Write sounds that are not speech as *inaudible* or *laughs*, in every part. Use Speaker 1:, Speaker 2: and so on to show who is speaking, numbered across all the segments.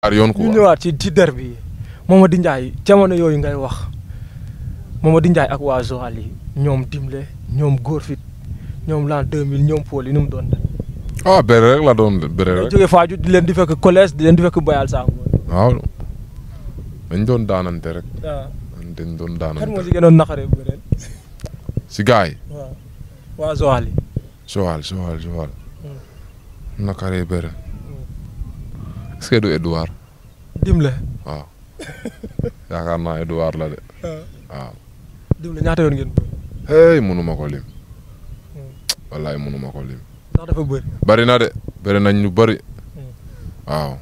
Speaker 1: ar yoon quoi
Speaker 2: ñu ñëwaat ci ci der bi Mamady Ndiaye jamono yooyu ngay wax Mamady Ndiaye ak waa Joal yi ñoom Dimle ñoom Gorfit ñoom l'an 2000 ñoom yi nu mu doon def.
Speaker 1: ah bëre rek
Speaker 2: di leen di fekk di leen di fekk Bayal
Speaker 1: dañ doon daanante rek. waaw ah. dañ doon daanante. kan moo si gënoon si gars yi. waaw waa Joal yi. Joal Joal Joal. Hmm. naqaree est-ce que du Edouard. Dimle waaw yaakaar la de. Ah. waaw. Dimle ñaata yoon ngeen bëri. mënu ma ko lim. Hmm. wallaay mënu ma ko lim. ndax de bëri nañ ñu bëri. Hmm. waaw.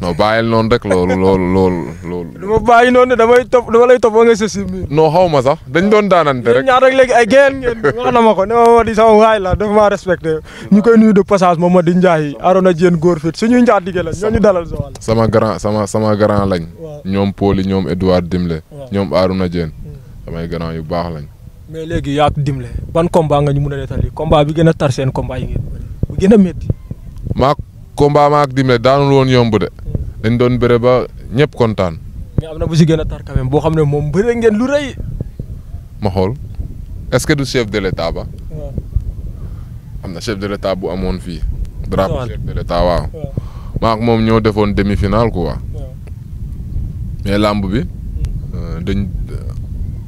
Speaker 1: non bàyyil noonu rek loolu loolu loolu loolu.
Speaker 2: bàyyi noonu damay topp dama lay
Speaker 1: topp ba nga sësi mi. non xaw ma sax dañ doon daanante rek.
Speaker 2: ñaar rek léegi ay géen ngeen wax na ma ko ne ma ma di sama waay la dafa maa respecté ñu koy nuyu de passage moom ma di Ndiaye Arona Diène góor fit suñuy njaatige la ñoo ñu dalal sa wàll.
Speaker 1: sama grand sama sama grand lañ. ñoom Poli ñoom Edouard Dimle. ñoom Arona Diène. Hmm. samay grand yu baax lañ.
Speaker 2: mais léegi yaa Dimle ban combat nga ñu mun a nettali combat bi gën a tar seen combat yi ngeen bu gën a métti.
Speaker 1: maa combat maa ak Dimle daanul yomb de dañ doon bëre ba kontaan.
Speaker 2: mais bu si gën a tar boo xam ne moom
Speaker 1: bëre ngeen lu rëy. ma xool est-ce que du chef de l'État ba. am na chef de l'État bu amoon fii. drapeau chef de l'État waaw. maa moom ñoo defoon demi-finale quoi. mais làmb bi. Euh, dañ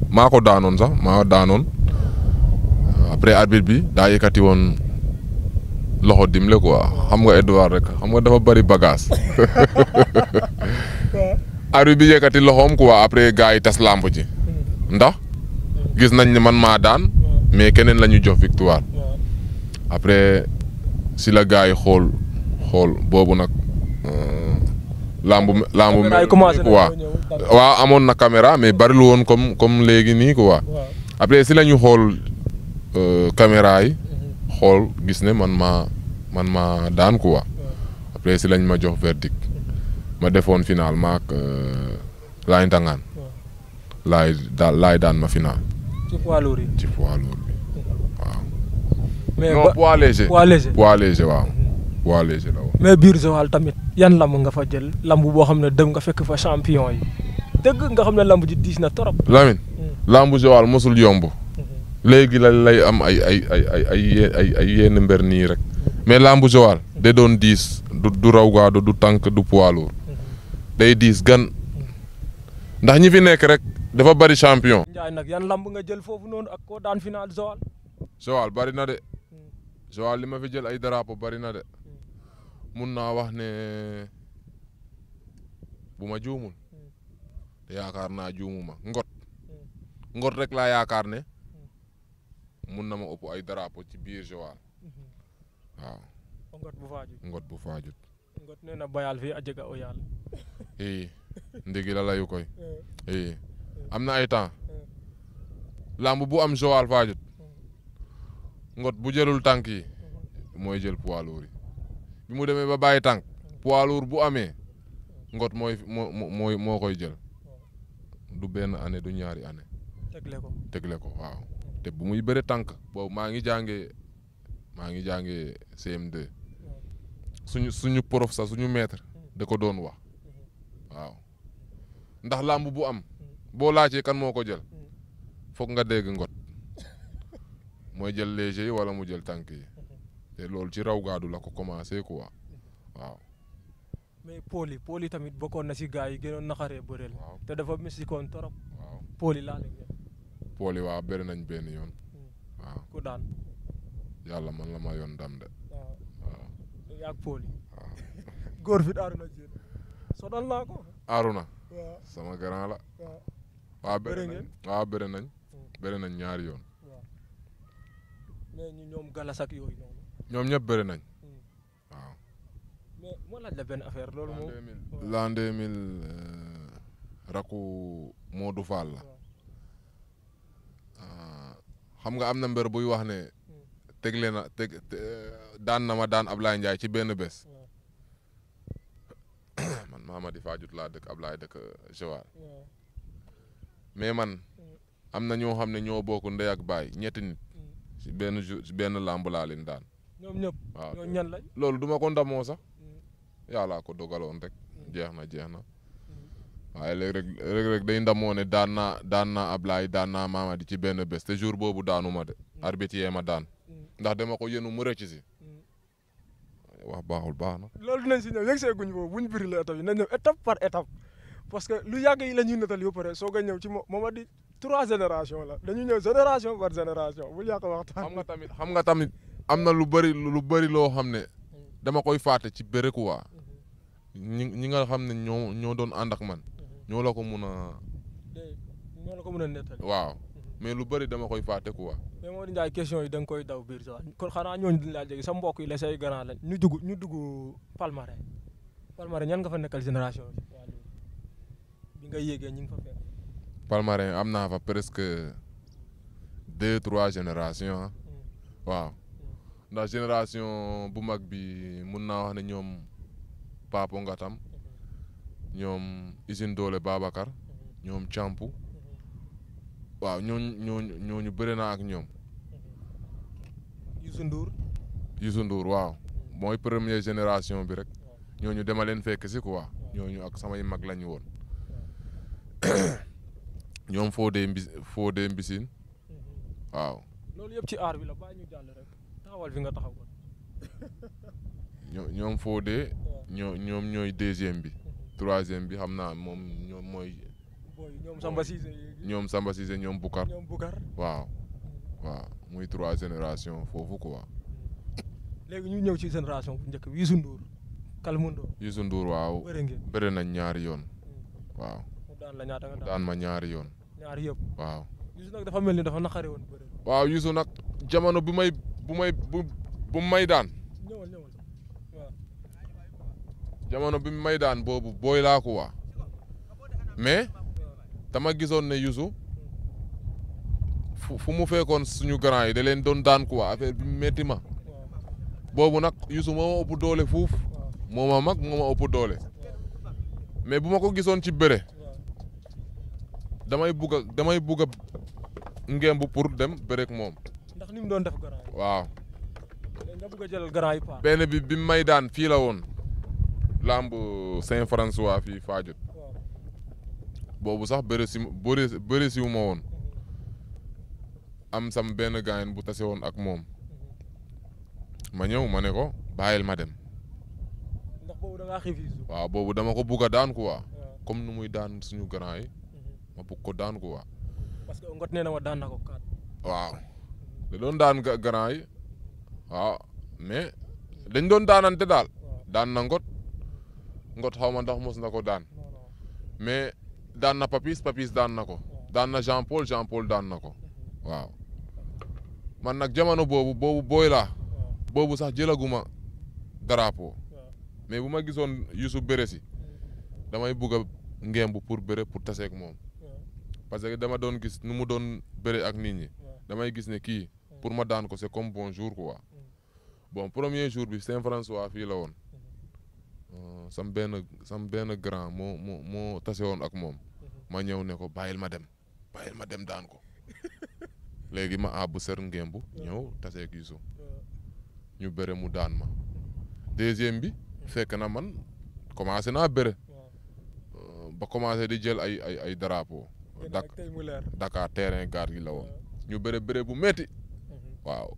Speaker 1: maa daanoon sax maa daanoon euh, après arbitre bi daa yëkkati woon. loxo dimle quoi xam nga Edouard rek xam nga dafa bari bagage *laughs* ari bi yëkkati loxoom quoi après gars yi tas làmb ji hmm. ndax gis nañ ne man maa daan hmm. mais keneen la ñu jox victoire hmm. après si la gars yi xool xool boobu nag euh, làmb làmb mel quoi waaw amoon na caméra mais barilu woon comme comme léegi nii quoi après si lañu ñu xool euh, caméra yi xool gis ne man maa man maa daan quoi après si lañ ma jox verdict ma defoon final ma ak euh, laay ndangaan laay daan ma final.
Speaker 2: ci poids lourd bi waaw. mais
Speaker 1: mhm. la woon. biir
Speaker 2: Joal tamit yan lamb nga fa jël lamb boo xam ne dem nga fekk fa champion yi dëgg nga xam ne lamb ji diis na trop. Lamine
Speaker 1: mm. lamb Joal mosul yomb. léegi la lay am ay ay ay ay ay ay yenn nii rek mais lambu sowal da doon diis du du raw gaadu du tànk du poids lourd day diis gan ndax ñi fi nekk rek dafa bari champion. Ndiaye nag yan lamb nga jël foofu noonu ak ko daan final Joal. Joal bari na de hmm. Joal li ma fi jël ay drapeau bari na de hmm. mun naa wax ne bu ma juumul hmm. yaakaar naa juumuma ngot ngot rek la yaakaar ne. mun na ma ëpp ay drapeau ci biir Joal mm-hmm. waaw. ngot bu faajut
Speaker 2: ngot bu ngot nee na bayal fii a jega o
Speaker 1: *laughs* ndigi la layu koy. am na ay temps. bu am Joal faajut. Mm-hmm. ngot bu jëlul tànk yi. Mm-hmm. mooy jël poids yi. bi mu demee ba bàyyi tànk. poids bu amee. ngot mooy moo moo koy jël. du benn année du ñaari année. tegle ko tegle ko waaw. te bu muy bëre tànk boobu maa ngi jàngee maa ngi jàngee CM2 suñu suñu prof sax suñu maître da ko doon wax ndax làmb bu am boo laajee kan moo ko jël foog nga dégg ngot mooy jël léger yi mu jël tànk yi te loolu ci raw gaadu la ko commencé quoi waaw.
Speaker 2: mais pôles yi pôles yi tamit bokkoon na si gars yi gënoon naxaree bëreel. te dafa misikoon trop. waaw pôles yi laa
Speaker 1: pool yi waaw bëri nañ benn yoon. Hmm. waaw ku man la ma yoon dam de.
Speaker 2: waaw yaa pool *laughs*
Speaker 1: Aruna sama grand la. waaw waaw nañ waaw nañ. Hmm. bëri yoon.
Speaker 2: ñoom galas ak
Speaker 1: nañ. Hmm.
Speaker 2: waaw. moo laaj la benn loolu moom.
Speaker 1: l'an deux mille euh, rakku Modou Fall la. xam nga am na mbër buy wax ne tegle na teg daan na ma daan Ablaye Ndiaye ci benn bés *coughs* man Mamadi Fadiouth laa dëkk Ablaye dëkk Joal mais man am na ñoo xam ne ñoo bokk ndey ak baay ñetti nit ci mm. benn jour ci benn làmb laa leen daan. loolu du ma ko ndamoo sax mm. yala ko dogaloon rek. Mm. jeex na jeex na. waaye léegi rek léegi rek day ndamoo ne daan naa daan naa Ablaye daan naa Mamadi ci benn bés te jour boobu daanu ma de. Mm. arbitre yee ma daan. Mm. ndax dama ko yéenu mu rëcc si. Mm. wax baaxul baax na.
Speaker 2: loolu si ñëw yegg see guñ boobu biri la étape yi nañ étape par étape parce que lu yàgg yi la ñuy natal yu pare soog a ñëw ci Mamadi trois génération la dañu ñëw génération par génération bul yàq waxtaan. xam nga tamit xam
Speaker 1: nga tamit am na lu bëri lu bëri loo xam ne dama koy fàtte ci bëre quoi mm-hmm. ñi ñi nga xam ne ñoo ñoo doon ànd ak man. ñoo la ko mun a.
Speaker 2: ñoo a nettali. waaw
Speaker 1: mhm. mais lu bëri dama koy fàtte quoi.
Speaker 2: mais moo di Ndiaye question yi da nga koy daw biir sax kon xanaa ñooñu dañu laa jege sa mbokk yi la say grand la ñu dugg ñu dugg Palmarin Palmarin ñan nga fa nekkal génération bi nga yéegee ñu ngi fa fekk.
Speaker 1: Palmarin am naa fa presque deux trois générations mhm. waaw mhm. ndax génération bu mag bi mun naa wax ne ñoom Papo Ngatam. ñoom usine doole Babacar mhm. ñoom càmpu mhm. waaw ñooñu ñoo ñooñu bëri naa ak ñoom. Mhm. Youssou Ndour. Youssou Ndour waaw. mooy première génération bi rek. ñooñu dama leen fekk si ko quoi. ñooñu ak samay mag lañu woon. *coughs* ñoom foo Mbis Fodé Mbisine. waaw. loolu yëpp ci aar
Speaker 2: bi la bàyyi ñu nga taxaw ko.
Speaker 1: ñoom Fodé. ñoo ñoom ñooy deuxième bi. troisième bi xam naa moom ñoom mooy.
Speaker 2: ñoom Samba Cissé
Speaker 1: ñoom Samba Cissé ñoom Bukar. ñoom Bukar waaw. waaw muy trois génération foofu ko
Speaker 2: léegi ñu ñëw ci génération bu njëkk bi Youssou Ndour.
Speaker 1: Kalmundo Youssou Ndour waaw. bëri ngeen bëri nañ ñaari yoon. Hmm. waaw. mu daan ma ñaari yoon. ñaari yëpp waaw.
Speaker 2: Youssou nag dafa mel ni dafa naqare woon bëri.
Speaker 1: waaw Youssou nag jamono bu may bu may may daan. jamono bi mu may daan boobu booy laa ko waa mais dama gisoon ne Youssou fu mu fekkoon suñu grand yi da leen doon daan quoi affaire bi métti ma boobu nag Youssou moo ma doole fuuf moo ma mag moo ma ëpp doole mais bu ma ko gisoon ci bëre damay bugg a damay bugg a bu pour dem bëre ak moom.
Speaker 2: ndax ni mu doon def grand waaw. nga bugg yi benn
Speaker 1: bi may daan fii la woon. lamb Saint-François fii Fajut boobu sax bëre si bëre bëre siwu woon am sam benn gaayen bu tase woon ak moom ma ñëw ma ne ko bàyyil ma dem. waaw boobu dama ko bugg a daan quoi. comme nu muy daan suñu grand yi. Mhm. ma bugg ko daan quoi. parce da doon daan grand yi waaw mais dañ doon daanante daal daan na ngot. ngot xaw ma ndax mos na ko daan mais daan na papis papis daan na ko daan na Jean Paul Jean Paul daan na ko mhm. waaw man nag jamono boobu boobu booy laa boobu sax jëlaguma drapeau mais bu ma gisoon Youssouf bëre si mhm. damay bugg a ngemb pour bëre pour taseeg moom parce que dama doon gis nu mu doon bëre ak nit ñi damay gis ne kii pour ma daan ko c'est comme bonjour quoi bon premier jour bi Saint-François fii la woon Euh, sam benn sam benn grand moo moo tase woon ak moom mhm. ma ñëw ne ko bàyyil ma dem bàyyil ma dem daan ko *laughs* léegi ma àbb ser ngemb ñëw tase Youssou ñu bëre mu daan ma deuxième bi mhm. fekk na man commencé naa bëre euh, ba commencé di jël ay ay ay drapeau daka Dakar terrain gaar gi la woon ñu bëre bëre bu metti mhm. waaw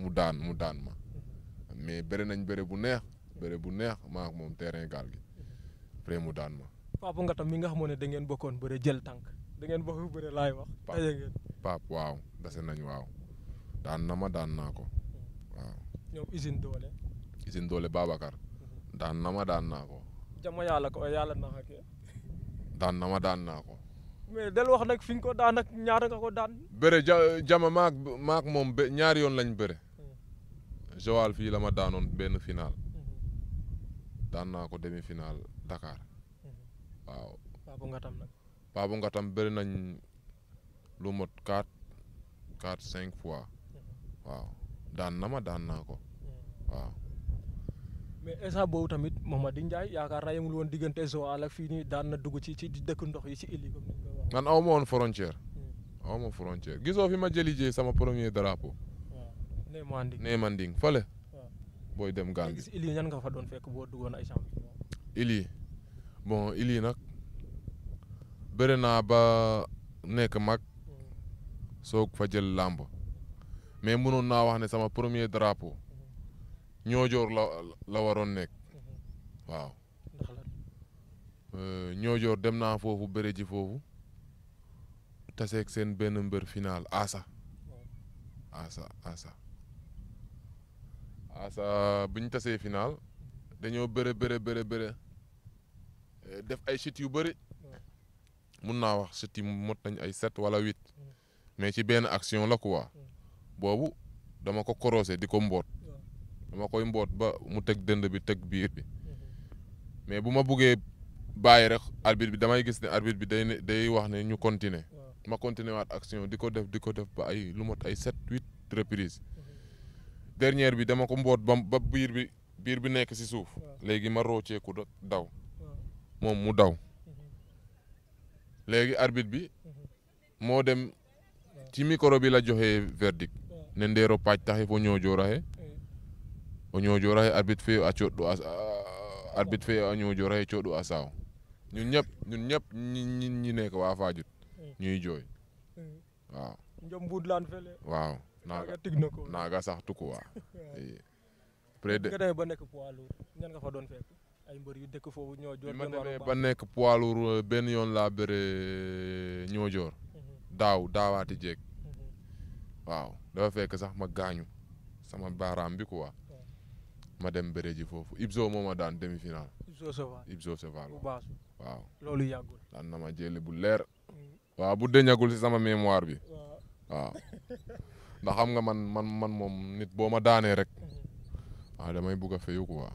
Speaker 1: mu daan mu daan ma mais bëre nañ bëre bu neex bëre bu neex maa ak moom terrain gaal gi après mu daan ma.
Speaker 2: Pape Ngatam mi nga xamoon ne da ngeen bokkoon bëre jël tànk da ngeen bokk bëre laay wax. taje ngeen
Speaker 1: Pape waaw dase nañ waaw daan na ma daan naa ko hmm. waaw.
Speaker 2: ñoom usine doole.
Speaker 1: usine doole hmm. daan na ma daan naa ko.
Speaker 2: jama ko yàlla naa ko.
Speaker 1: na ma daan naa ko.
Speaker 2: mais del wax nag fi nga ko daan ak ñaata nga ko daan.
Speaker 1: bëre ja jama maak maak moom ñaari yoon lañ bëre. Hmm. Joal fi la ma daanoon benn final. daan naa ko demi final Dakar. Mhm. waaw. Paabu Ngatam nag. Paabu Ngatam bëri nañ lu mot quatre cinq fois. Mhm. waaw daan na ma daan naa ko. Mhm. waaw.
Speaker 2: mais instant boobu tamit Mamady Ndiaye yaakaar naa yemul woon diggante Joal ak fii nii daan na dugg ci ci dëkk ndox yi ci île ko
Speaker 1: waxee. man aw ma woon gisoo fi ma jëli jee sama premier drapeau.
Speaker 2: waaw Néemanding
Speaker 1: booy dem gaal bi. il yi ñan bon il nag bëri naa ba nekk mag mm. soog fa jël làmb mais mënoon naa wax ne sama premier drapeau ñoojoor mm-hmm. la la waroon nekk mm-hmm. waaw. ñoojoor euh, dem naa foofu bëre ji foofu taseeg seen benn mbër final Asa. Mm. Asa Asa. waaw sa bu ñu tasee final dañoo bëre bëre bëre bëre eh, def ay chutes yu bëri mun naa wax chutes yi mot nañ ay set wala huit mais ci benn action la quoi boobu dama ko korose di ko mboot dama koy mboot ba mu teg dënd bi teg biir bi mais bu ma buggee bàyyi rek arbitre bi damay gis ne arbitre bi day day wax ne ñu continuer ma continuer waat action di ko def di ko def ba ay lu mot ay sept huit reprise dernière bi dama ko mboot ba ba biir bi biir bi nekk si suuf léegi ma rocceeku daw moom mu daw mhm. léegi arbitre bi mhm. moo dem ci micro bi la joxee verdict ne ndeero paaj taxe fo ñoojoraxe mhm. o ñoojoraxe arbitre fe a coɗɗo a arbitre fe a ñoojoraxe coɗɗo a saaw ñun ñëpp ñun ñëpp ñi ñi nekk waa Fajut ñuy jooy waaw
Speaker 2: waaw naaga tig na ko naaga sax tukkuwaa. près de ba nekk poids yu dëkk foofu ñoo joor. bi ma demee
Speaker 1: euh, benn yoon laa bëree euh, ñoo joor. Mhm. daaw daawaati jéeg. Mhm. waaw dafa fekk sax ma gaañu sama baaraam bi quoi. ma dem bëre foofu Ibzo moo ma daan demi final. Ibzo Seval Ibzo Seval waaw. loolu yàggul daan na ma jëli bu leer. Mhm. waaw bu dëñagul si sama mémoire bi. waaw. *laughs* ndax xam nga man man man mom nit boma ma rek ah damay bugg a fayu quoi.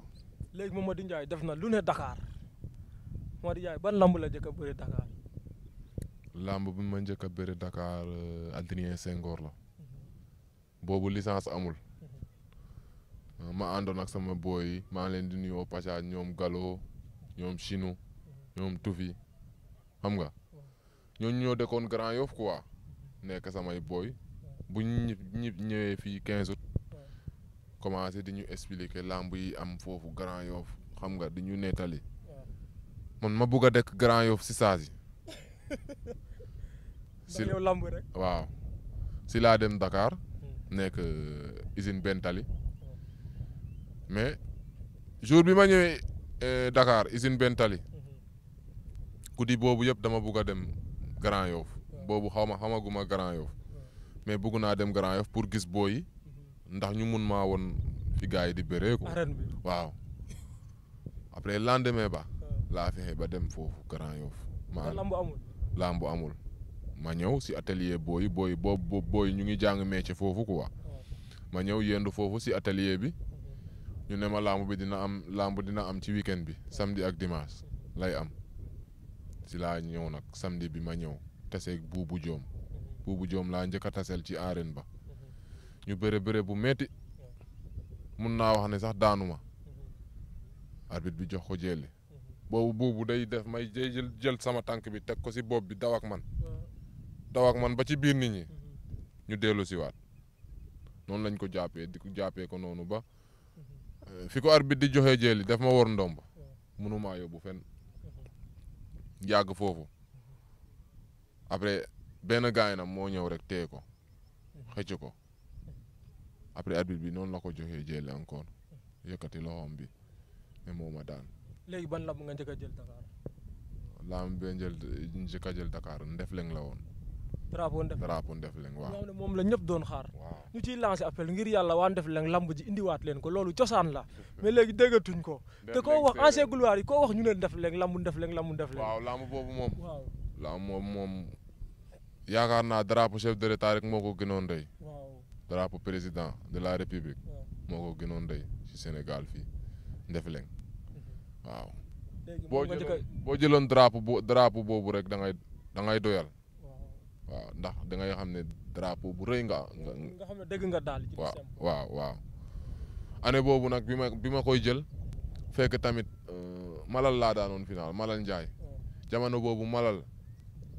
Speaker 2: léegi Mamadou ndjay def na lu ne Dakar ban lamb la jëk beure Dakar.
Speaker 1: lamb bu ma jëk beure Dakar euh, Adrien Senghor la bobu licence amul mhm. ma andonak ak sama boy ma len di nuyo Pacha ñom galo ñom Chinu ñom Tufi xam nga mhm. ñoo ñoo dëkkoon Grand yof quoi mhm. nek sama boy Si ñu ñëwee 15 quinze commencé di que expliquer que am foofu Grand Yoff xam nga di ñu nettali ma Grand Yoff si ça si. *laughs* si Dakar. Hmm. Euh, Bentali. Hmm. mais jour bi euh, Dakar usine Bentali. Hmm. Grand Grand mais bëgg naa dem Grand Yoff pour gis booy ndax ñu mun maa woon fi gars yi di bëree ko waaw après lendemain ba laa fexe ba dem foofu Grand Yoff ma lambu amul ma ñëw si atelier booy booy boobu booy ñu ngi jàng métier foofu ma ñëw yendu foofu si atelier bi ñu ne ma lamb bi dina am lamb dina am ci weekend bi samedi ak dimanche lay am si laa ñëw nag samedi bi ma ñëw teseeg buubu joom buubu joom laa njëkk a taseel ci arène ba ñu bëre bëre bu metti mun naa wax ne sax daanuma arbitre bi jox ko jëli boobu buubu day def may jël sama tànk bi teg ko si bopp bi daw man daw man ba ci biir nit ñi ñu dellu si waat noonu lañ ko jàppee di ko jàppee ko noonu ba euh, fi ko arbitre di joxee jëli daf ma war ndomb mënumaa yóbbu fenn yàgg foofu après benn gars na nag moo ñëw rek téye ko xëcc ko après arbitre bi noonu la ko joxee jël encore yëkkati loxoom bi ne moo ma daan.
Speaker 2: léegi ban lamb nga njëkk a jël Dakar.
Speaker 1: lamb bi nga jël njëkk a jël Dakar Ndefleng la woon.
Speaker 2: drapeau Ndefleng drapeau
Speaker 1: Ndefleng waaw. moom la ñëpp doon xaar. waaw ñu ciy lancé appel ngir yàlla waa
Speaker 2: lamb ji indiwaat leen ko loolu cosaan la mais léegi déggatuñ ko. te koo wax ancien gloire yi koo wax ñu ne Ndefleng lambu mom. waaw lamb boobu moom.
Speaker 1: waaw lamb moom moom. yaakaar naa drapeau chef de l'État rek moo ko gënoon rëy drapeau président de la république moo ko gënoon rëy ci Sénégal fii Ndefleng mhm. waaw. boo jëloon boo jëloon drapeau drapeau boobu rek da da ngay doyal. waaw ndax da xam ne drapeau bu rëy nga. xam ne dëgg nga daal. waaw waaw waaw. boobu nag bi ma bi koy jël fekk tamit euh, malal laa daanoon final malal Ndiaye. jamono boobu malal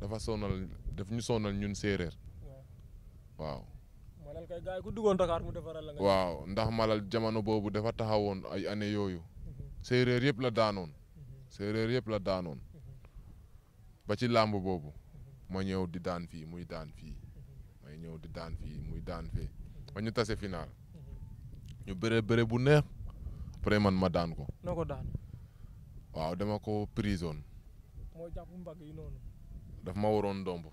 Speaker 1: dafa sonal daf ñu sonal ñun séeréer waaw.
Speaker 2: malal kay gars yi ku duggoon Dakar mu defaral la. waaw
Speaker 1: ndax malal jamono boobu dafa taxawoon ay année yooyu. Mhm. séeréer yëpp la daanoon. Mhm. séeréer yëpp la daanoon. Mhm. ba ci làmb boobu. ma ñëw di daan fii muy daan fii. may ñëw di daan fii muy daan fee. ba ñu tase final. ñu bëre bëre bu neex. après man ma daan ko. noo ko daan. waaw dama ko prison.
Speaker 2: moo jàpp mbagg yi noonu.
Speaker 1: daf ma waroon ndomb.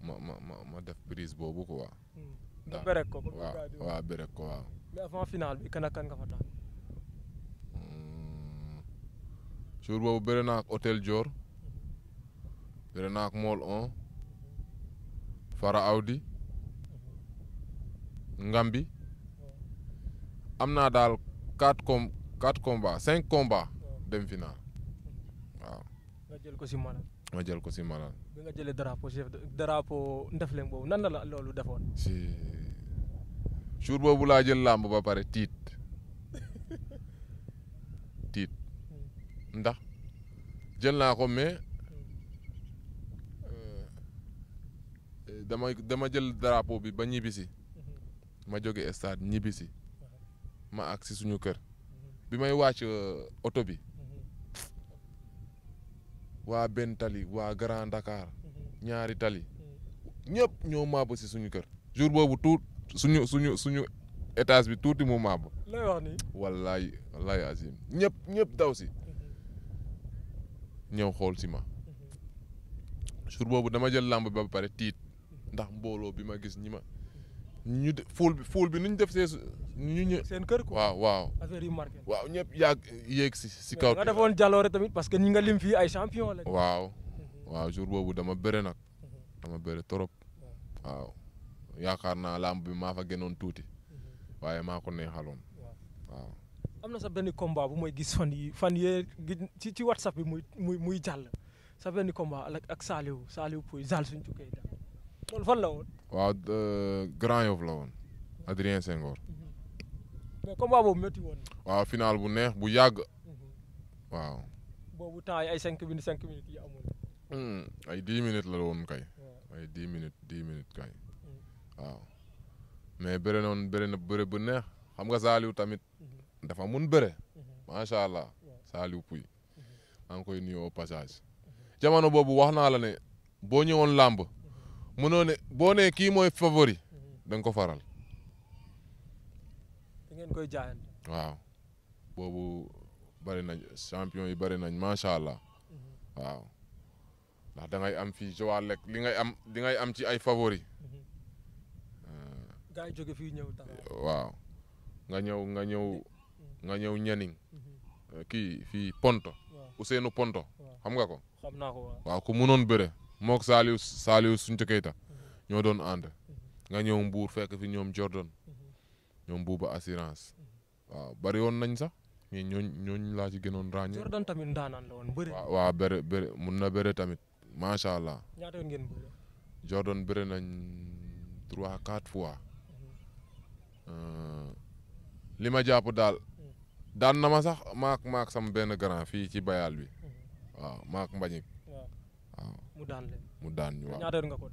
Speaker 1: ma ma ma def prise boobu hmm. ko waaw
Speaker 2: waaw bérek ko waaw. mais avant final bi hmm.
Speaker 1: boobu bëri naa ak hôtel Dior. bëri naa ak Mol 1. Fara Audi. Ngambi. Hmm. am naa daal quatre com quatre combats cinq combats. dem final ma jël ko si Malang.
Speaker 2: bi nga jëlee drapeau chef drapeau Ndefleng boobu nan la loolu defoon.
Speaker 1: si jour boobu laa jël làmb ba pare tiit *laughs* tiit hmm. ndax jël naa ko mais hmm. euh, dama jël drapeau bi ba ñibbisi hmm. ma jóge stade ñibbisi ma àgg si suñu kër bi may wàcc euh, oto bi. waa benn tali waa Grand Dakar mhm. ñaari tali mhm. ñëpp ñoo maabo si suñu kër jour boobu tuut suñu suñu suñu bi tuuti mu maabo lay wax ni wallaay wallaay azim ñëpp ñëpp daw si mhm. xool si ma jour boobu dama jël làmb ba pare tiit ndax mbooloo bi ma gis ñi ma fuul bi fuul bi nu ñu def see ñu ñu seen kër quoi waaw waaw. affaire yu marqué waaw ñëpp yàgg yéeg si si kaw. nga defoon jàlloore
Speaker 2: que ñi nga lim fii ay champion la.
Speaker 1: waaw mhm. waaw jour boobu dama bëre nag. Mhm. dama bëre trop. waaw yaakaar naa làmb bi maa fa gënoon tuuti. Mhm. waaye maa ko neexaloon. waaw.
Speaker 2: am na sa benn combat bu mooy gis fan yi fan yee ci ci whatsapp bi muy muy muy jàll sa benn combat ak Saliou Saliou Pouye Zal suñu tukkee daal loolu fan la woon.
Speaker 1: waaw Grand Yoff la woon Adrien Senghor. mais waaw final bu neex bu yàgg. Mhm.
Speaker 2: waaw. cinq minutes cinq minutes yi amul.
Speaker 1: Hmm, ay dix minutes la mhm. mais bëre noonu bëre na bu neex xam nga Saliou tamit. Mhm. dafa mun bëre. macha allah Saliou Pouy. maa ngi koy nuyu au boobu wax naa la ne boo ñëwoon làmb. mënoo ne boo nee kii mooy favori. da faral.
Speaker 2: ngeen koy jaayante.
Speaker 1: waaw boobu bari nañ champion yi bari nañ macha allah mm-hmm. waaw ndax da am fii Joal lekk li ngay am li ngay am ci ay favori. Mm-hmm.
Speaker 2: Eh. gaa yi jóge fii ñëw
Speaker 1: waaw nga ñëw nga ñëw mm-hmm. nga ñëw ñaniñ eh, kii fii Ponto Ousseynou Ponto xam nga ko xam naa ko waaw ku mënoon bëre mook Saliou Saliou Sunte Keita ñoo doon ànd nga ñëw Mbour fekk fi ñoom Jordan ñoom buuba assurance. waaw bari woon nañ sax mais ñooñ ñooñ laa ci gënoon ràññee. Jordan tamit ndaanaan waaw waaw mun na bëri tamit macha allah. ñaata yoon Jordan bëri nañ trois quatre fois. Mhm. Euh, li ma jàpp daal. daan na ma sax maak maak sam benn grand fii ci bayaal bi. Mhm. waaw maak mbañik mu daan mu daan ñu waaw yoon nga ko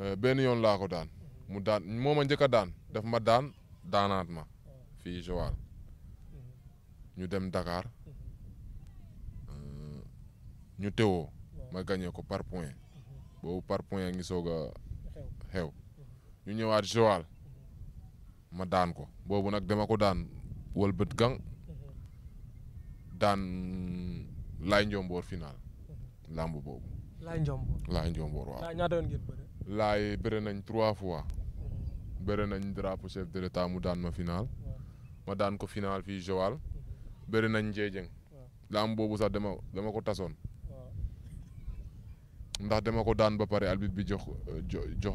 Speaker 1: euh, benn yoon laa ko daan. Mhm. mu daan moo ma njëkk daan daf ma daan. daanaat ma fii Joal mm-hmm. ñu dem Dakar mm-hmm. euh, ñu teewoo ma gagné ko par point mm-hmm. boobu par point ngi soog a xew ñu ñëwaat Joal ma daan ko boobu nag dama ko daan wëlbët gang daan laay njomboor final làmb boobu laay njomboor waaw laay njomboor waaw trois fois bëre nañ drapeau chef de l'état daan ma final. ma daan ko final fii Joal. bëre nañ Ndiédiène. laam boobu sax dama dama ko tasoon. ndax dama ko daan ba pare albit bi jox jox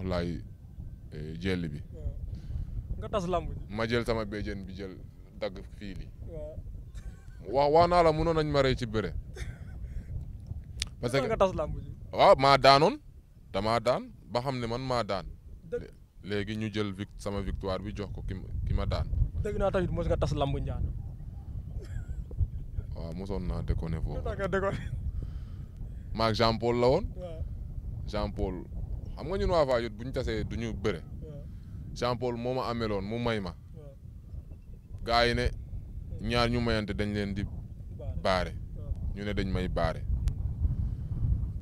Speaker 1: e, bi. nga tas lamb ma jël sama béjjén bi jël dagg fii li waaw naa la mënoon nañ ma rey ci bëre. parce que lamb waaw maa daanoon damaa daan ba xam ne man maa daan. léegi ñu jël vic sama victoire bi jox ko ki ma ma daan.
Speaker 2: dégg naa tamit mos nga tas lambu njaan.
Speaker 1: *laughs* waaw mosoon naa déconné foofu. *laughs* maak Jean Paul la woon. Jean Paul xam nga ñun waa Fajut bu ñu tasee du ñu bëre. Jean Paul moo ma ameloon mu may ma. gaa yi ne ñaar ñu mayante dañ leen di baare. ñu ne dañ may baare.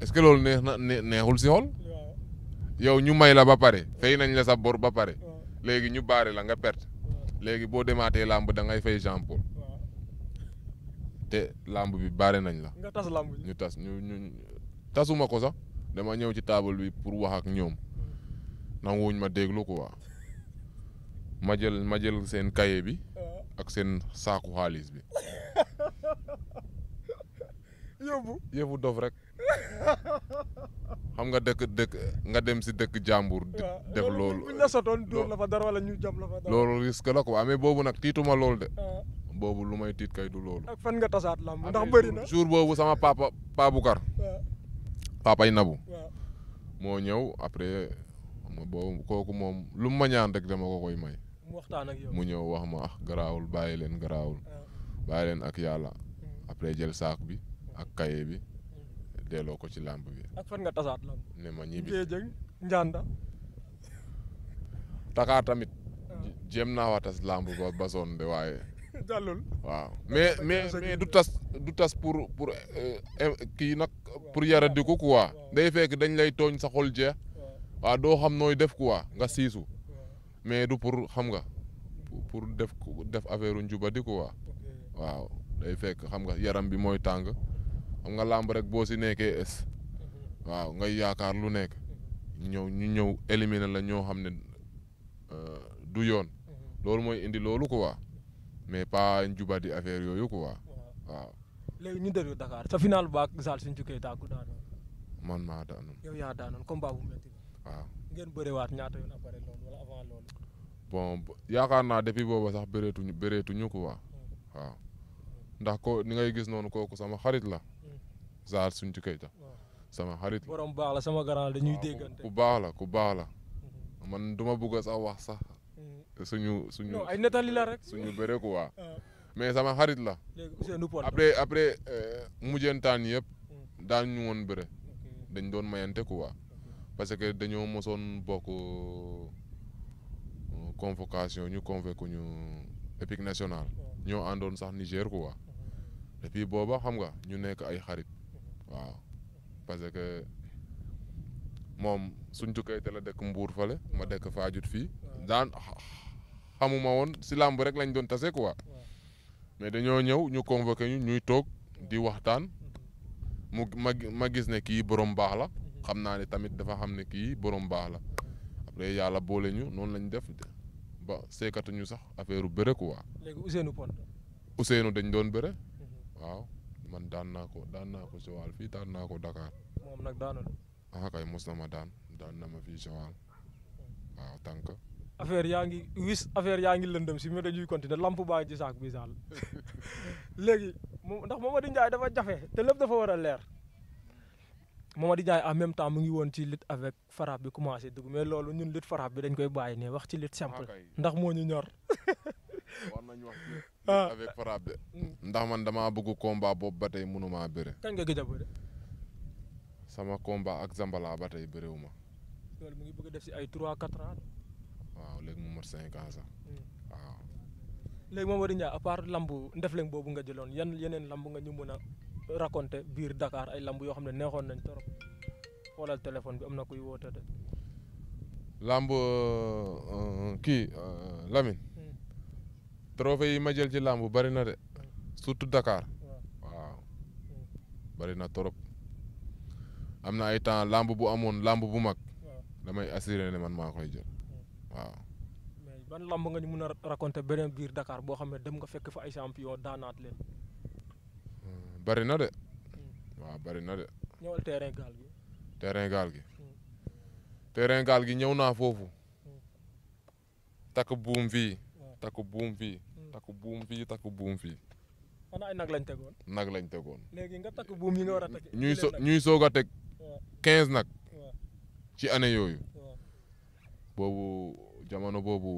Speaker 1: est-ce que loolu neex na neexul si xol. yow ñu may la ba pare fay nañ la sa bor ba pare léegi ñu baare la nga perte léegi boo demaatee làmb da ngay fay Jean Paul te làmb bi baare nañ la. nga tas ñu tas ñu ñu tasuma ko sax dama ñëw ci taabul bi pour wax ak ñoom wuñ ma déglu quoi ma jël ma jël seen kaye bi ah. ak seen saaku xaalis bi. *laughs* yobu yobu dof rek xam nga dëkk dëkk nga dem si dëkk jambour def loolu buñ la
Speaker 2: sotoon dóor la fa dara wala ñu jam la
Speaker 1: fa dara. loolu risque la ko amé boobu nak tiituma loolu de. boobu lu may tiit kay du loolu.
Speaker 2: ak fan nga tasaat lamb ndax bari na jour
Speaker 1: boobu sama papa Pa papa papay Nabu. mo ñew après boobu koku mom lu ma ñaan rek dama ko koy may. mu waxtaan ak yow mu ñew wax ma ah grawul bàyyi leen garaawul. bàyyi leen ak yalla hmm. après jël saak bi. ak kaye bi delloo ko ci làmb bi.
Speaker 2: fan nga tasaat làmb.
Speaker 1: ne ma ñibbi Géejëng tamit. Ah. jéem na waa tas làmb ba ba sonn de waaye. *laughs* waaw *laughs* mais mais mais du tas du tas pour pour euh, kii nag pour yara di ko quoi day fekk dañ lay tooñ sa xol jeex waaw doo xam nooy def quoi nga siisu mais du pour xam nga pour def def affaire njubadi quoi waaw day fekk xam nga yaram bi mooy tàng. xam nga làmb rek boo si nekkee ës waaw ngay yaakaar lu nekk ñëw ñu ñëw éliminer la ñoo xam ne euh, du yoon loolu mooy indi loolu quoi mais pas njubadi affaire yooyu quoi waaw.
Speaker 2: léegi ñu dellu Dakar sa final bu baax Zal Sinthiou Keita daanoon.
Speaker 1: bon yaakaar naa depuis booba sax bëreetuñu bëreetuñu quoi hmm. waaw ndax ko ni ngay gis noonu kooku sama xarit la. Zahar Sunju Keita sama xarit
Speaker 2: la baax la sama grand dañuy déggante ku
Speaker 1: baax la ku baax la mhm. man du ma bëgg a wax sax mhm. suñu suñu ay nettali la rek suñu ah. mais sama xarit la
Speaker 2: après après euh,
Speaker 1: mujjantaan yëpp mm. daan ñu woon bëre dañ doon mayante waa parce que dañoo mosoon bokk euh, convocation ñu convoqué ñu équipe nationale ñoo àndoon sax Niger quoi depuis mm-hmm. booba xam nga ñu nekk ay xarit waaw parce que moom suñ tukkee te la dëkk Mbour fale ma dëkk Fajut fii daan xamuma woon si làmb rek lañ doon tase quoi mais dañoo ñëw ñu convoqué ñu ñuy toog di waxtaan mhm. mu ma ma gis ne kii borom baax la mhm. xam naa ne tamit dafa xam ne kii borom baax la après yàlla boole ñu noonu lañ def ba seekatuñu sax affaire u bëre quoi. léegi dañ doon bëre mhm. man daan naa ko daan naa ko Joal fii daan naa ko Dakar. moom nag daanul. ah kay mos na daan na ma fii Joal waaw tànk.
Speaker 2: affaire yaa ngi wis affaire yaa ngi lëndëm si mais dañuy continuer lamp baa ci saak bi *laughs* léegi moom ndax Momadou Ndiaye dafa jafe te lépp dafa war a leer. Momadou Ndiaye en même temps mu ngi woon ci lutte avec Faraab bi commencé dugg mais loolu ñun lutte Faraab bi dañ koy baay ne wax ci lutte simple ndax moo ñu ñor. *laughs* war nañ wax ci
Speaker 1: ah. avec frappe ndax man damaa bëgg combat boobu ba tey mënumaa bëre.
Speaker 2: kan nga gëj a bëre.
Speaker 1: sama combat ak Zambala ba tey bëriwuma.
Speaker 2: loolu mu ngi bëgg def si ay trois quatre ans. waaw léegi mu mat cinq ans sax. Hmm. waaw. léegi Mamadou Ndiaye à boobu nga jëloon yan yeneen lamb nga ñu mën a raconter biir dakaar ay lamb yoo xam ne neexoon nañ trop xoolal téléphone bi am na koy woote de.
Speaker 1: lamb euh, kii euh, Lamine. trophée yi ma jël ci làmb bari na de surtout Dakar waaw bari na trop am na ay temps làmb bu amoon làmb bu mag damay assuré man maa koy jël waaw.
Speaker 2: mais ban biir Dakar boo xam ne fekk fa ay champion hmm,
Speaker 1: na de. waaw na de. gi. terrain gi. ñëw naa foofu. Hmm. takk buum fii. Hmm. takk buum fii. takku buum fii takku buum fii.
Speaker 2: xanaa ay nag lañ tegoon.
Speaker 1: nag lañ tegoon.
Speaker 2: léegi nga takku buum yi nga war a teg. so ñuy soog quinze nag.
Speaker 1: ci année yooyu. boobu jamono boobu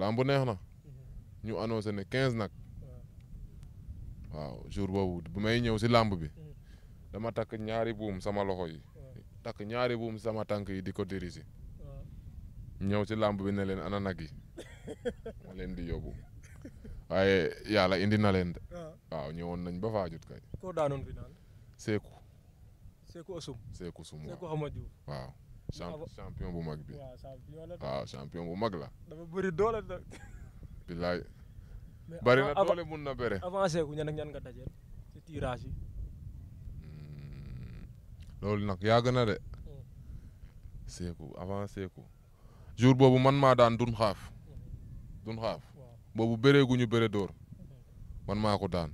Speaker 1: làmb neex na. Mhm. ñu annoncé ne quinze nag. waaw jour boobu bu may ñëw si làmb bi. Mhm. dama takk ñaari buum sama loxo yi. ñaari buum sama tànk yi di ko diriger. ñëw si làmb bi ne leen ana nag yi *laughs* ma leen di yóbbu. waaye yàlla indi na leen de. Ah. waaw ñëwoon nañ ba Fajut kay. koo daanoon final. Seeku.
Speaker 2: Seeku Osum. Seeku Osum waaw Seeku bu mag bi. waaw champion bu mag la. dafa bëri doole la.
Speaker 1: bilaay. bëri na doole mun na bëre.
Speaker 2: avancé ku ñan ak ñan nga dajeel ci tirage yi.
Speaker 1: Hmm. loolu nag yàgg na de. Hmm. Seeku avancé ku. jour boobu man maa daan dun xaaf. Hmm. dun xaaf. boobu bëree gu ñu bëre man maa daan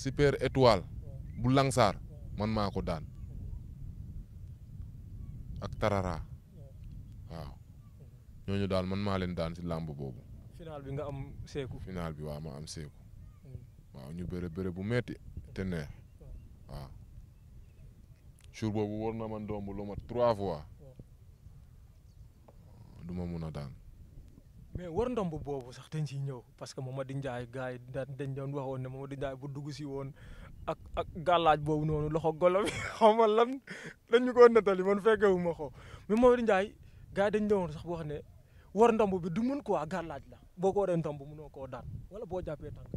Speaker 1: super étoile bu langsaar man maa daan ak tarara waaw ñooñu daal man maa leen daan si làmb boobu. final bi nga am seeku. Mm. waaw ñu bëre bëre bu metti te neex waaw jour boobu war na ma ndomb lu ma trois fois mm. du ma mun a daan.
Speaker 2: mais war ndomb bobu sax dañ ci ñew parce que Mamadou Ndiaye gars yi dañ doon waxoon ne di ndjay bu dugg ci woon ak ak gàllaaj bobu nonu loxo golo xamal *laughs* xaw ma lan dañu ko nettali man fekkewu ma ko mais Mamadou di ndjay gaay dañ doon sax bo xane war ndomb bi du mun quoi gàllaaj la boko ko ndomb mu no ko daan wala bo jappé tànk.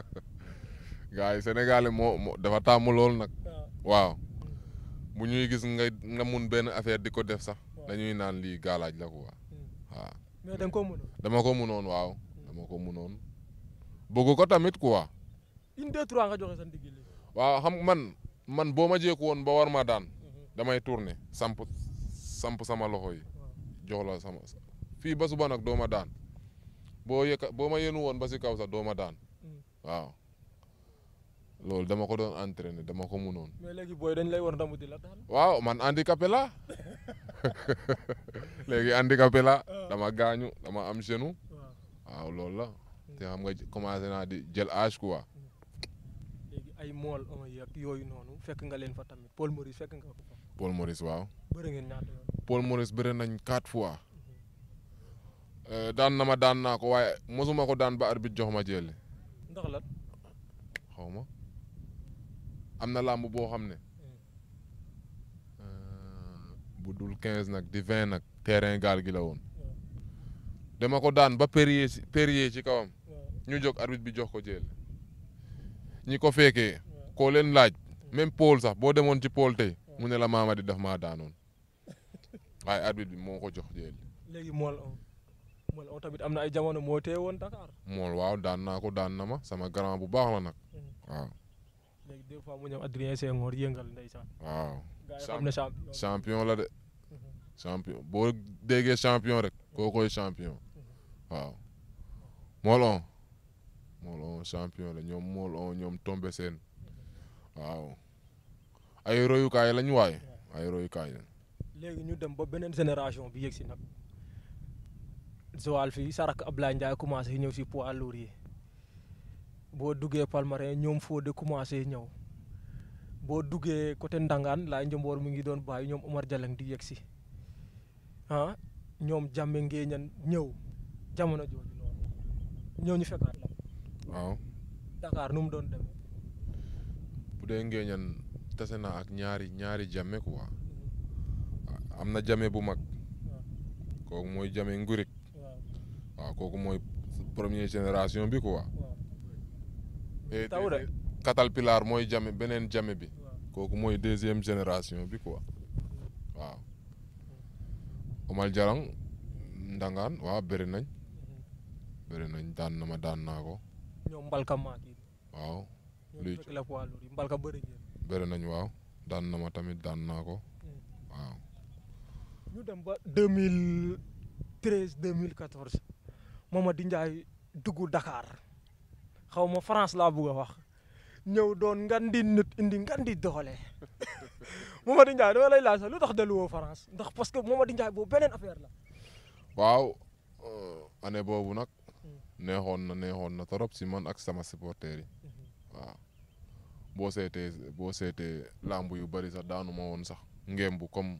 Speaker 1: *laughs* gaay yi mo dafa tàmm lool nak ah. waaw hmm. bu ñuy gis nga nga mun benn affaire diko def sax. dañuy naan li gàllaaj la quoi hmm. waaw mais da nga ko mënoon. dama ko mënoon waaw. dama ko mënoon bëgg ko tamit quoi. une deux trois nga joxe man man boo ma jékku woon ba war sampu daan. sama loxo yi. sama fii ba domadan nag doo ma daan boo yëkka boo ma yenu woon ba si kaw sax doo ma daan. waaw loolu dama ko doon entraîner man handicapé la léegi *laughs* *laughs* handicapé la. Eh. dama gaañu dama am genou. waaw loolu la. te xam nga commencé naa di jël âge quoi.
Speaker 2: léegi ay mool oh, yooyu noonu fekk nga leen fa tamit Paul Maurice fekk nga ko
Speaker 1: fa. Maurice waaw. bëri ngeen ñaata yoon. Paul bëri nañ quatre fois. Mhm. Euh, daan na ma daan naa ko waaye mosuma ko daan ba bi jox ma jël. ndax lan. xaw ma am na làmb boo xam ne. Hmm. Euh, bu dul quinze nag di vingt nag terrain gaal gi la woon. dama ko daan ba périer ci périer ci kawam ñu jóg arbitre bi jox ko ñi ko fekkee koo laaj hmm. même Paul sax boo demoon ci Paul tey mu ne la Mamadi daf maa daanoon waaye arbitre bi moo ko jox jël.
Speaker 2: léegi mool mool o jamono moo tee woon Dakar.
Speaker 1: mool waaw daan naa ko daan na ma sama grand bu baax la nag hmm. waaw.
Speaker 2: léegi deux fois mu ñëw Adrien Senghor yëngal
Speaker 1: hmm. boo déggee champion rek koo champion. Wow, Molo. Molo champion la ñoom mool on ñoom tombe seen waaw ay royukaay lañ waaye ay royukaay la
Speaker 2: léegi ñu dem ba beneen génération bi yëg si nag Sarak Ablaye Ndiaye commencé ñëw si poids lourd yi boo duggee Palmarin ñoom de commencé ñëw boo duggee côté Ndangaan laay njëmboor mu ngi doon bàyyi ñoom Omar Jalang di yegg si ah ñoom jàmme ngee ñan jamono jooju noonu
Speaker 1: waaw. Dakar nu doon demee. bu dee ngéeñan tase na ak ñaari ñaari jame quoi. am na jame bu mag. kooku mooy jame ngurik. waaw kooku mooy première génération bi quoi. taw rek caterpillar mooy jame bi. kooku mooy deuxième génération bi quoi hmm. waaw. Jarang ndangaan waaw bëri bëri nañ daan na ma daan naa ko.
Speaker 2: ñoom Mbalka maak yi.
Speaker 1: waaw. luy ñoom la poids Mbalka bëri ngeen. bëri nañ waaw daan na ma tamit daan naa ko. Hmm. waaw. ñu dem ba deux mille
Speaker 2: xaw ma France laa bëgg wax ñëw doon ngan di nit indi ngan di doole *laughs* Mamady Ndiaye dama lay laaj lu tax delluwoo France ndax parce que Mamady Ndiaye boobu beneen affaire la.
Speaker 1: waaw euh, année boobu nag neexoon na neexoon na trop si man ak sama supporters yi mhm. waaw boo seetee boo seetee làmb yu bëri sax daanu ma woon sax ngemb comme.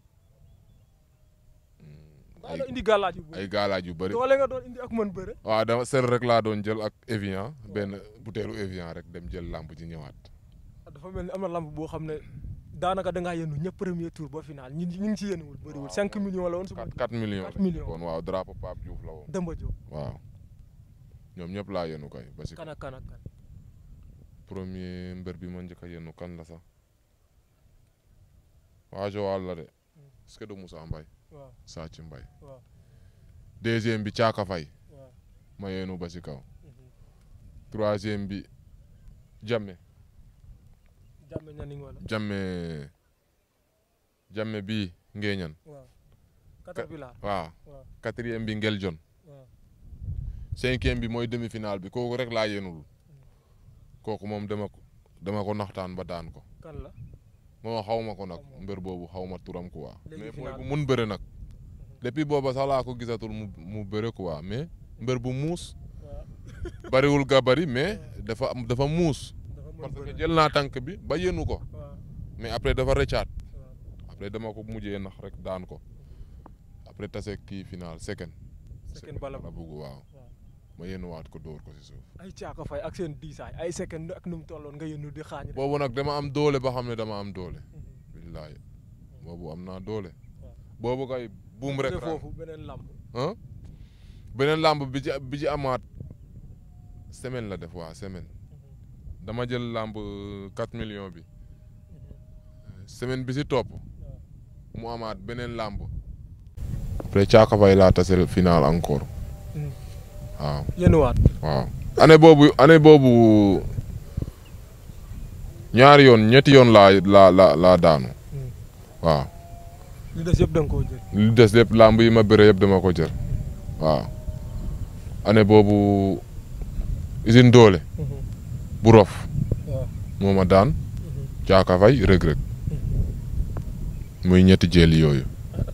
Speaker 1: Mm, ay indi galaaj yu bëri ay galaaj yu bëri. doole nga
Speaker 2: doon indi ak mën bëre.
Speaker 1: waaw dama sel rek laa doon jël ak Evian benn butéelu Evian rek dem jël làmb ji ñëwaat.
Speaker 2: dafa mel ni am na làmb boo xam ne daanaka da ngaa yëndu ñëpp premier tour ba final ñu ngi ci yënduwul. bëriwul 5 millions la woon. 4 millions 4 millions kon
Speaker 1: waaw drapeau Pape Diouf la woon. Demba waaw. ñoom ñëpp laa yenu kay. basi
Speaker 2: kan ak kan ak kan.
Speaker 1: premier mbër bi ma njëkk a yenu kan la sax waa Joal la de. Hmm. est-ce que du Moussa Mbaye. waaw saa ci Mbaye. waaw deuxième bi Caaka Faye. waaw ma yenu ba kaw. Mhm. troisième bi Jamme.
Speaker 2: Jamme ñaning wala.
Speaker 1: Jamme Jamme bii Ngéeñan.
Speaker 2: waaw. Caterpillar waaw.
Speaker 1: quatrième bi Ngel John. cinquième bi mooy demi-finale bi kooku rek laa yéenul kooku moom dama ko dama ko naxtaan ba daan ko. la moom xaw ko nag mbër boobu xaw ma turam quoi. mais booy bu mun bëre nag. depuis booba sax laa ko gisatul mu mu bëre quoi mais mbër bu muus. bariwul gabari mais dafa dafa muus. parce que jël naa tànk bi ba yéenu ko. mais après dafa rëccaat. après dama ko mujjee nax rek daan ko. après tase kii final second.
Speaker 2: bala bugg waaw.
Speaker 1: ma yéenuwaat ko dóor ko si suuf.
Speaker 2: ay caaka fay ak seen diisaay ay seconde ak nu mu tolloon nga yéenu di xaañ. boobu
Speaker 1: nag dama am doole ba xam ne dama am doole. Mhm. billaay boobu am naa doole. boobu kay buum rek. foofu beneen làmb. làmb bi ci bi ci amaat semaine la def waa semaine. Mhm. dama jël làmb 4 euh, millions bi. Mhm. semaine bi si topp. mu amaat beneen làmb. après caaka fay laa tasel final encore. waaw yéenuwaat waaw année boobu année boobu ñaari yoon ñetti yoon laa laa la laa daanu hmm. waaw.
Speaker 2: li des yëpp da nga koo jël.
Speaker 1: li des yëpp làmb yi ma bëre yëpp ko jël waaw année boobu usine doole. Hmm. bu rof. moo daan. caaka hmm. fay rëg-rëg muy ñetti jéeli yooyu.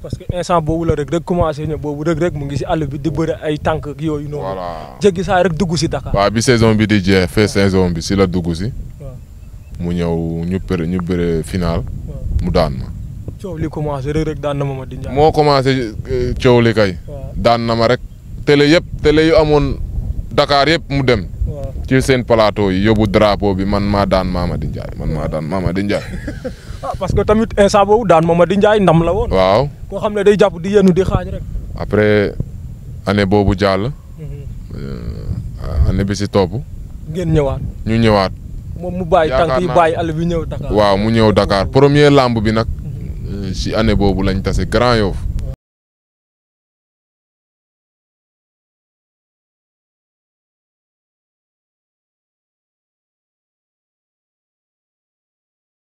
Speaker 2: parce que instant boobu la rek rek commencé na boobu rek rek mu ngi si àll bi di bëri ay tànk ak yooyu noonu. voilà jéggi rek dugg si Dakar.
Speaker 1: waaw bi saison bi di jeex fee bi si la dugg si. mu ñëw ñu per ñu mu daan ma.
Speaker 2: li commencé rek rek daan na ma di moo commencé euh,
Speaker 1: coow li kay. daan na ma rek. télé yëpp télé yu amoon Dakar yëpp mu dem. ci seen plateau yi yóbbu drapeau bi man maa daan Mamady Ndiaye man maa daan Mamady *laughs* Ah, parce que tamit instant bobu daan
Speaker 2: di Ndiaye ndam la won waaw ko xamne day japp di yenu di xagn rek.
Speaker 1: après année jall mhm. euh année bi si top ngeen ñëwaat. ñu ñëwaat.
Speaker 2: mom mu bay tank yi bay àll bi ñëw Dakar. waaw
Speaker 1: mu ñëw Dakar premier lamb bi nak mhm. euh, si année bobu lañ tassé Grand Yoff.